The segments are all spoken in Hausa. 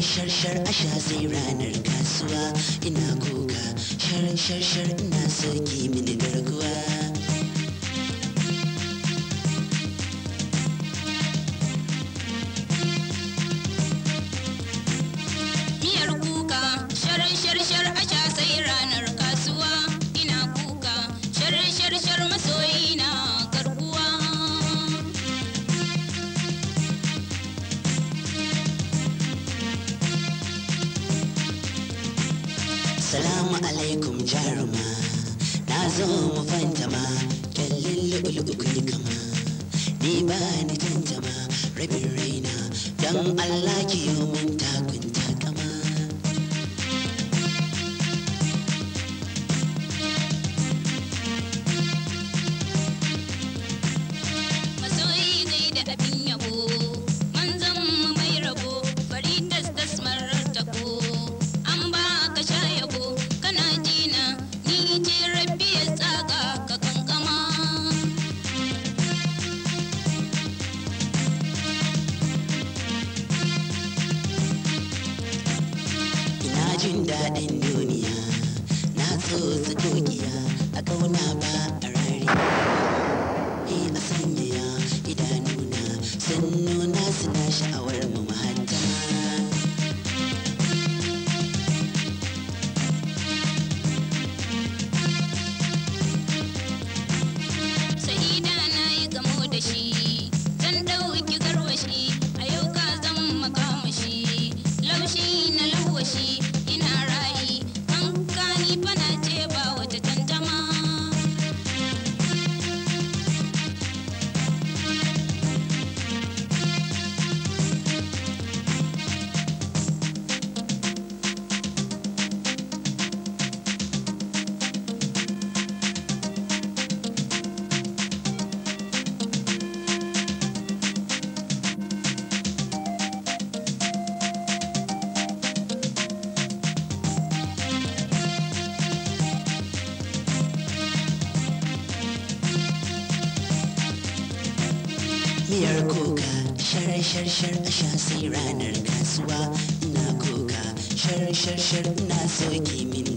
shar-shar sai ranar kasuwa ina kuka shar-shar ina sarki mini garkuwa Salamu alaikum jaruma na zo mu fantama kyallin lu'ulu'u kun kama ni ba ni tantama rabin raina don Allah ki yi jin daɗin duniya na so su a kauna ba a rari e a sanyaya idanuna sun nuna suna sha'awar mu mahanta sa'ida na yi gamo da shi zan ɗauki garwashi a yau ka zan makamashi laushi na lauwashi biyar kuka shar shar sai ranar kasuwa na kuka shar na soke min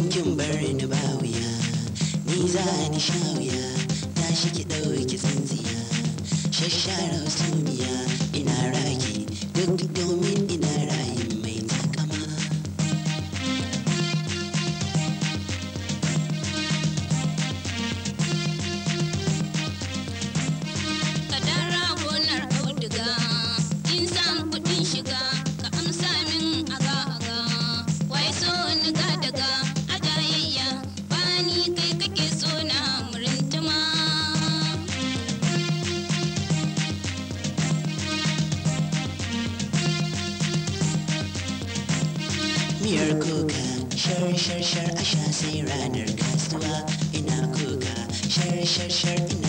in kin bar ni ba wuya ni za ni sha wuya tashi ki ɗauki tsintsiya shashara miya ina raki duk domin miyar share, share, shar shar a sha sai ranar kasuwa in kuka shar share, share, share.